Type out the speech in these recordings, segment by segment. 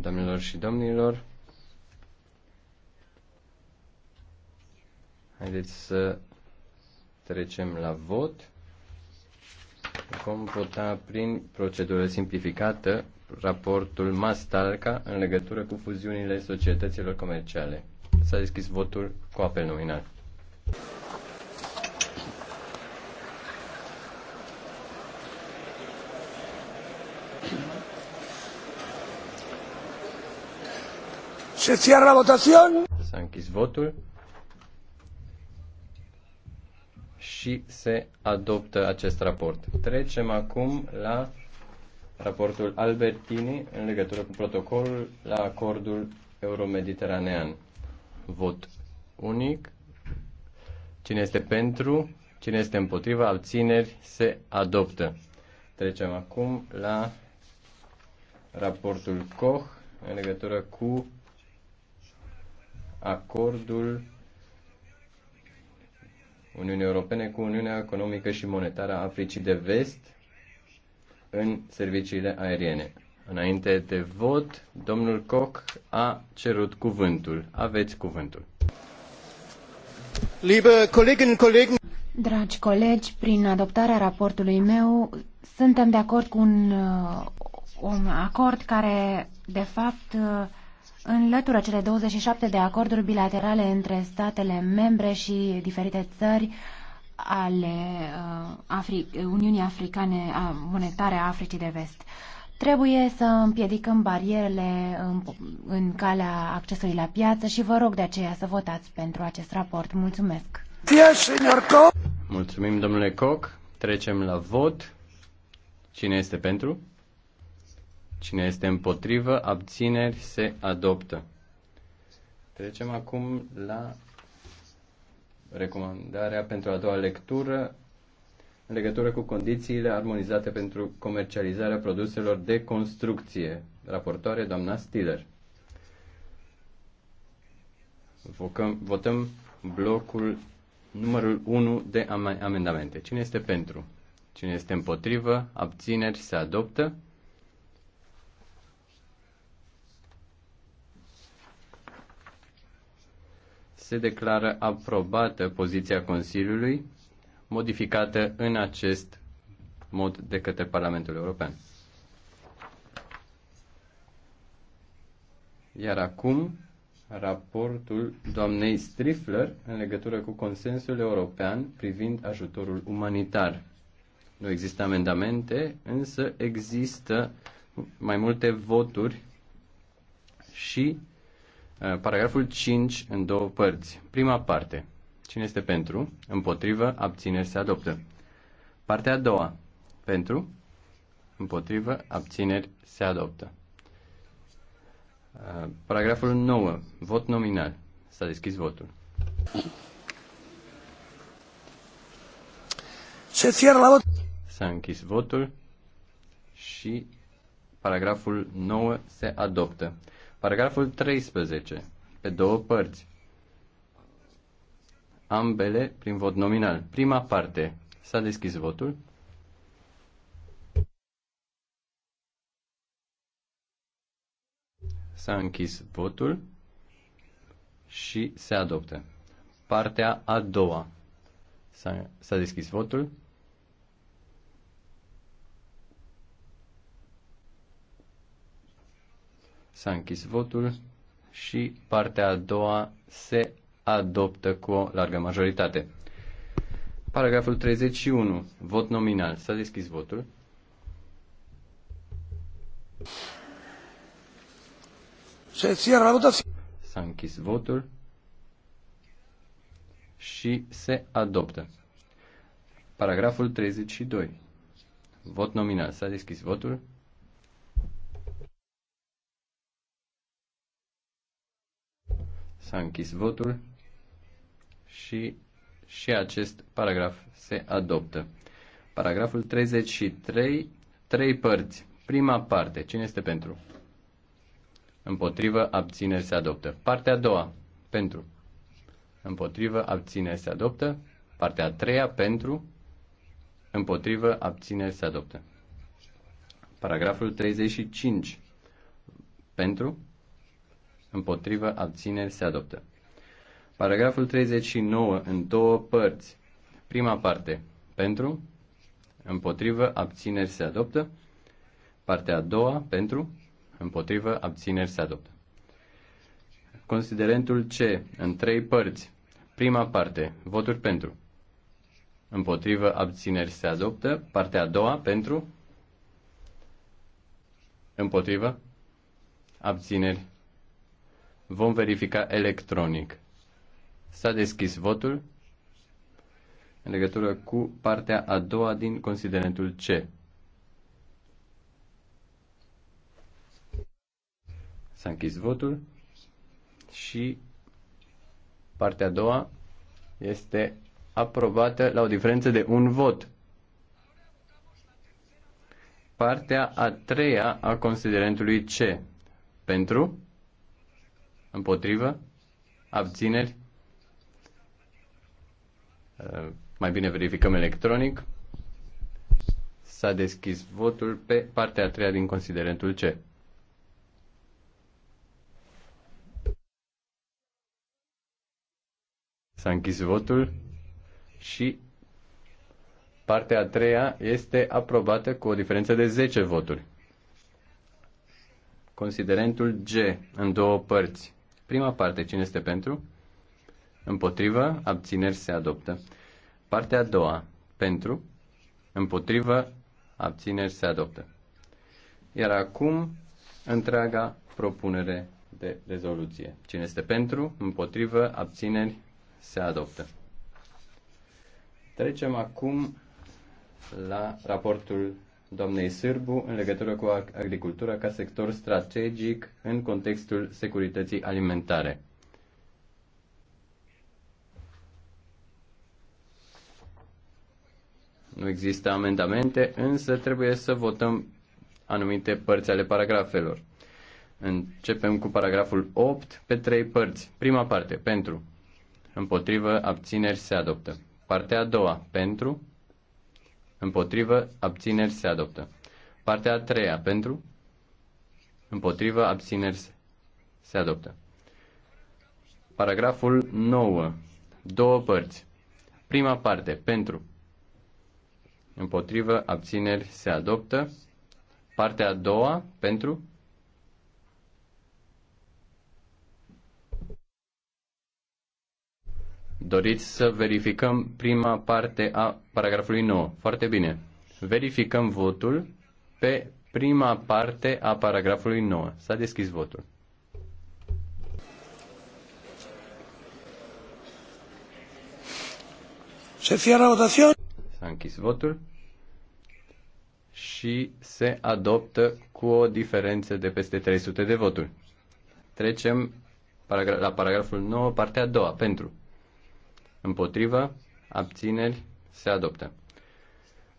Doamnelor și domnilor, haideți să trecem la vot. Vom vota prin procedură simplificată raportul Mastalca în legătură cu fuziunile societăților comerciale. S-a deschis votul cu apel nominal. Se cierra votación. S-a închis votul. Și se adoptă acest raport. Trecem acum la raportul Albertini în legătură cu protocolul la acordul euromediteranean. Vot unic. Cine este pentru, cine este împotriva, abțineri, se adoptă. Trecem acum la raportul Koch în legătură cu acordul Uniunii Europene cu Uniunea Economică și Monetară a Africii de Vest în serviciile aeriene. Înainte de vot, domnul Koch a cerut cuvântul. Aveți cuvântul. Liebe Kollegen, Kollegen, Dragi colegi, prin adoptarea raportului meu, suntem de acord cu un, uh, un acord care, de fapt, uh, în înlătură cele 27 de acorduri bilaterale între statele membre și diferite țări ale uh, Afri Uniunii Africane Monetare a Africii de Vest. Trebuie să împiedicăm barierele în, în calea accesului la piață și vă rog de aceea să votați pentru acest raport. Mulțumesc! Mulțumim, domnule Coc. Trecem la vot. Cine este pentru? Cine este împotrivă, abțineri, se adoptă. Trecem acum la recomandarea pentru a doua lectură în legătură cu condițiile armonizate pentru comercializarea produselor de construcție. Raportoare doamna Stiller. Vocăm, votăm blocul numărul 1 de amendamente. Cine este pentru? Cine este împotrivă? Abțineri se adoptă. se declară aprobată poziția Consiliului, modificată în acest mod de către Parlamentul European. Iar acum, raportul doamnei Strifler în legătură cu consensul european privind ajutorul umanitar. Nu există amendamente, însă există mai multe voturi și Eh, paragraful 5 în două părți. Prima parte. Cine este pentru? Împotrivă, abțineri se adoptă. Partea a doua. Pentru? Împotrivă, abțineri se adoptă. Eh, paragraful 9. Vot nominal. S-a deschis votul. Se cierra la vot. S-a închis votul și paragraful 9 se adoptă. Paragraful 13, pe două părți. Ambele prin vot nominal. Prima parte. S-a deschis votul. S-a închis votul și se adoptă. Partea a doua. S-a, deschis votul. S-a închis votul și partea a doua se adoptă cu o largă majoritate. Paragraful 31. Vot nominal. S-a deschis votul. Se cierra la S-a închis votul și se adoptă. Paragraful 32. Vot nominal. S-a deschis votul. S-a închis votul și și acest paragraf se adoptă. Paragraful 33, trei părți. Prima parte, cine este pentru? Împotrivă, abțineri se adoptă. Partea a doua, pentru. Împotrivă, abțineri se adoptă. Partea a treia, pentru. Împotrivă, abțineri se adoptă. Paragraful 35, pentru împotrivă, abțineri, se adoptă. Paragraful 39, în două părți. Prima parte, pentru, împotrivă, abțineri, se adoptă. Partea a doua, pentru, împotrivă, abțineri, se adoptă. Considerentul C, în trei părți. Prima parte, voturi pentru. Împotrivă, abțineri, se adoptă. Partea a doua, pentru, Împotrivă? Abțineri? Vom verifica electronic. S-a deschis votul în legătură cu partea a doua din considerentul C. S-a închis votul și partea a doua este aprobată la o diferență de un vot. Partea a treia a considerentului C. Pentru? Împotrivă? Abțineri? Uh, mai bine verificăm electronic. S-a deschis votul pe partea a treia din considerentul C. S-a închis votul și partea a treia este aprobată cu o diferență de 10 voturi. Considerentul G în două părți. Prima parte, cine este pentru? Împotrivă, abțineri se adoptă. Partea a doua, pentru, împotrivă, abțineri se adoptă. Iar acum, întreaga propunere de rezoluție. Cine este pentru, împotrivă, abțineri se adoptă. Trecem acum la raportul doamnei Sârbu în legătură cu agricultura ca sector strategic în contextul securității alimentare. Nu există amendamente, însă trebuie să votăm anumite părți ale paragrafelor. Începem cu paragraful 8 pe trei părți. Prima parte, pentru. Împotrivă, abțineri se adoptă. Partea a doua, pentru Împotrivă, abțineri se adoptă. Partea a treia, pentru? Împotrivă, abțineri se adoptă. Paragraful 9. Două părți. Prima parte, pentru. Împotrivă, abțineri se adoptă. Partea a doua, pentru. Doriți să verificăm prima parte a paragrafului 9. Foarte bine. Verificăm votul pe prima parte a paragrafului 9. S-a deschis votul. Se fiera votación. S-a închis votul și se adoptă cu o diferență de peste 300 de voturi. Trecem la paragraful 9, partea a doua, pentru Împotrivă, abțineri, se adoptă.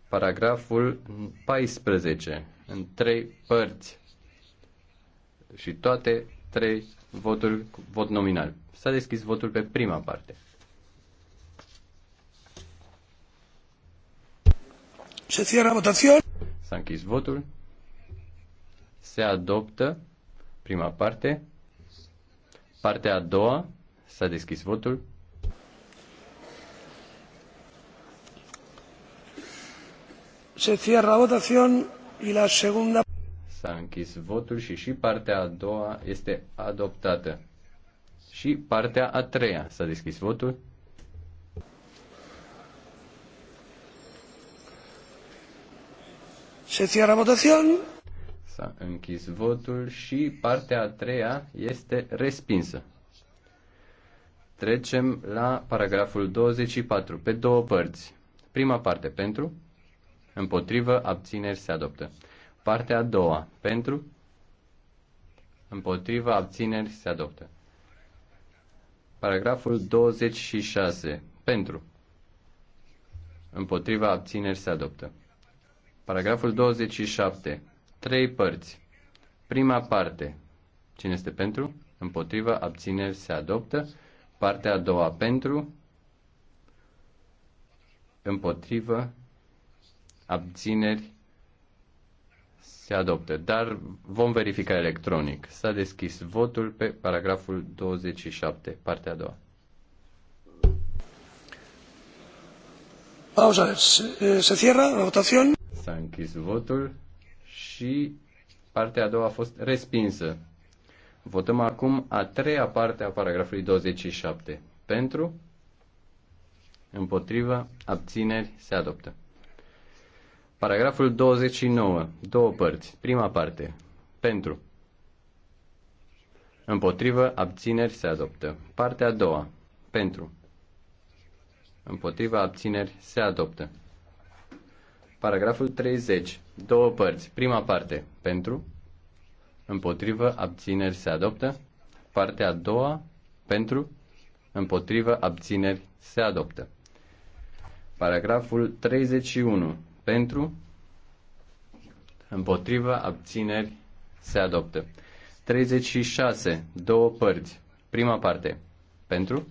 Paragraful 14, în trei părți și toate trei voturi cu vot nominal. S-a deschis votul pe prima parte. Se cierra votación. S-a închis votul. Se adoptă prima parte. Partea a doua. S-a deschis votul. Se cierra votación y la segunda... S-a închis votul și și partea a doua este adoptată. Și partea a treia. S-a deschis votul. Se cierra votación. S-a închis votul și partea a treia este respinsă. Trecem la paragraful 24, pe două părți. Prima parte pentru, Împotrivă, abțineri se adoptă. Partea a doua. Pentru. Împotrivă, abțineri se adoptă. Paragraful 26. Pentru. Împotriva abțineri se adoptă. Paragraful 27. Trei părți. Prima parte. Cine este pentru? Împotriva abțineri se adoptă. Partea a doua pentru. Împotrivă abțineri, se adoptă. Dar vom verifica electronic. S-a deschis votul pe paragraful 27, partea a doua. Vamos a ver, se, eh, se cierra la votación. S-a închis votul și partea a doua a fost respinsă. Votăm acum a treia parte a paragrafului 27. Pentru, împotrivă, abțineri, se adoptă. Paragraful 29. Două părți. Prima parte. Pentru. Împotrivă, abțineri se adoptă. Partea a doua. Pentru. Împotrivă, abțineri se adoptă. Paragraful 30. Două părți. Prima parte. Pentru. Împotrivă, abțineri se adoptă. Partea a doua. Pentru. Împotrivă, abțineri se adoptă. Paragraful 31 pentru, împotriva, abțineri, se adoptă. 36, două părți. Prima parte, pentru,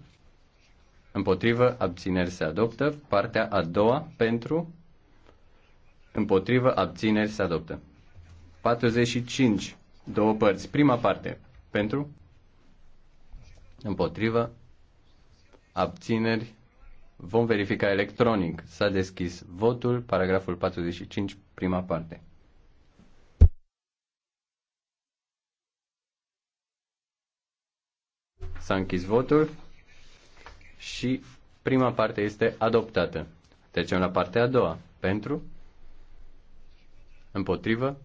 împotrivă, abțineri, se adoptă. Partea a doua, pentru, împotrivă, abțineri, se adoptă. 45, două părți. Prima parte, pentru, împotrivă, abțineri, Vom verifica electronic. S-a deschis votul, paragraful 45, prima parte. S-a închis votul și prima parte este adoptată. Trecem la partea a doua. Pentru? Împotrivă?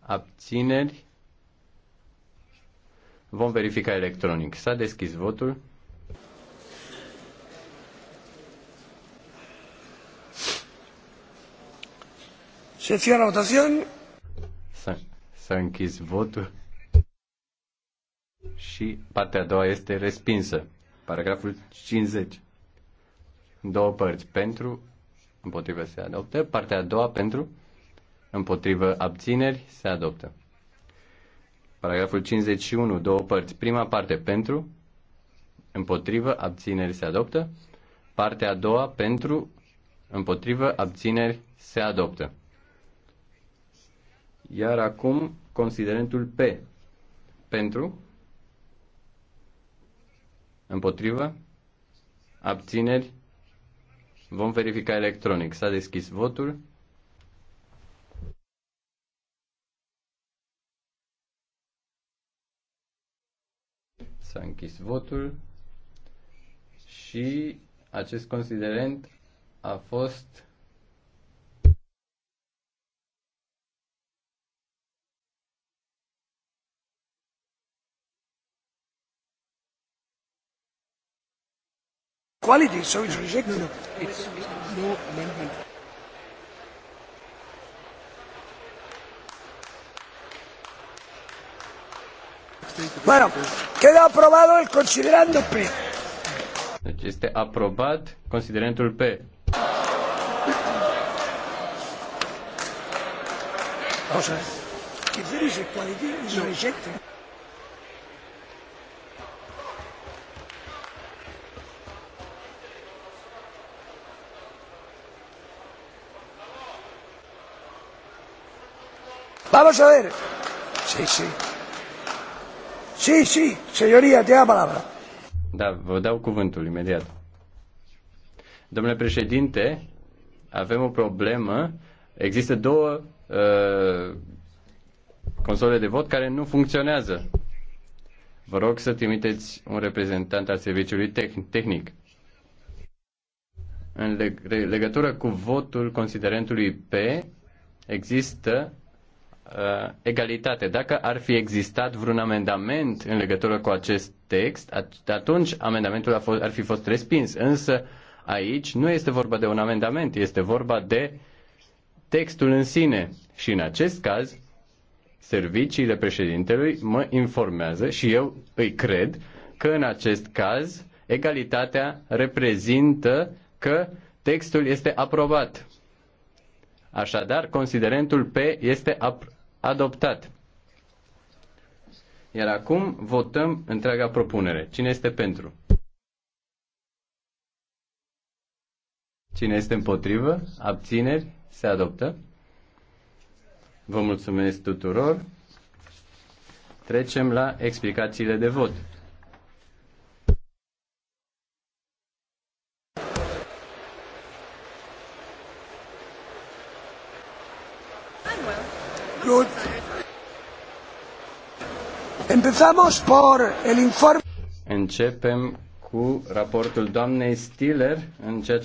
Abțineri? Vom verifica electronic. S-a deschis votul. Se cierra la votación. S-a, s-a închis votul și partea a doua este respinsă. Paragraful 50. Două părți pentru, împotrivă se adoptă. Partea a doua pentru, împotrivă abțineri se adoptă. Paragraful 51, două părți. Prima parte pentru, împotrivă abțineri se adoptă. Partea a doua pentru, împotrivă abțineri se adoptă. Iar acum considerentul P. Pentru? Împotrivă? Abțineri? Vom verifica electronic. S-a deschis votul. S-a închis votul și acest considerent a fost quality, so it's rejected. No, no. It's no amendment. Bueno, queda aprobado el considerando P. Deci este aprobat considerentul P. Vamos a ver. ¿Qué there is equality, ¿Es un rejecto? Vamos a ver. Sí, sí. Sí, sí, señoría, te da palabra. Da, vă dau cuvântul imediat. Domnule președinte, avem o problemă. Există două uh, console de vot care nu funcționează. Vă rog să trimiteți un reprezentant al serviciului tehnic. În legătură cu votul considerentului P, există uh, egalitate. Dacă ar fi existat vreun amendament în legătură cu acest text, atunci amendamentul a fost, ar fi fost respins. Însă aici nu este vorba de un amendament, este vorba de textul în sine. Și în acest caz, serviciile președintelui mă informează și eu îi cred că în acest caz egalitatea reprezintă că textul este aprobat. Așadar, considerentul P este ap- Adoptat. Iar acum votăm întreaga propunere. Cine este pentru? Cine este împotrivă? Abțineri? Se adoptă. Vă mulțumesc tuturor. Trecem la explicațiile de vot. Comenzamos por el informe. Începem cu raportul doamnei Stiller în ceea ce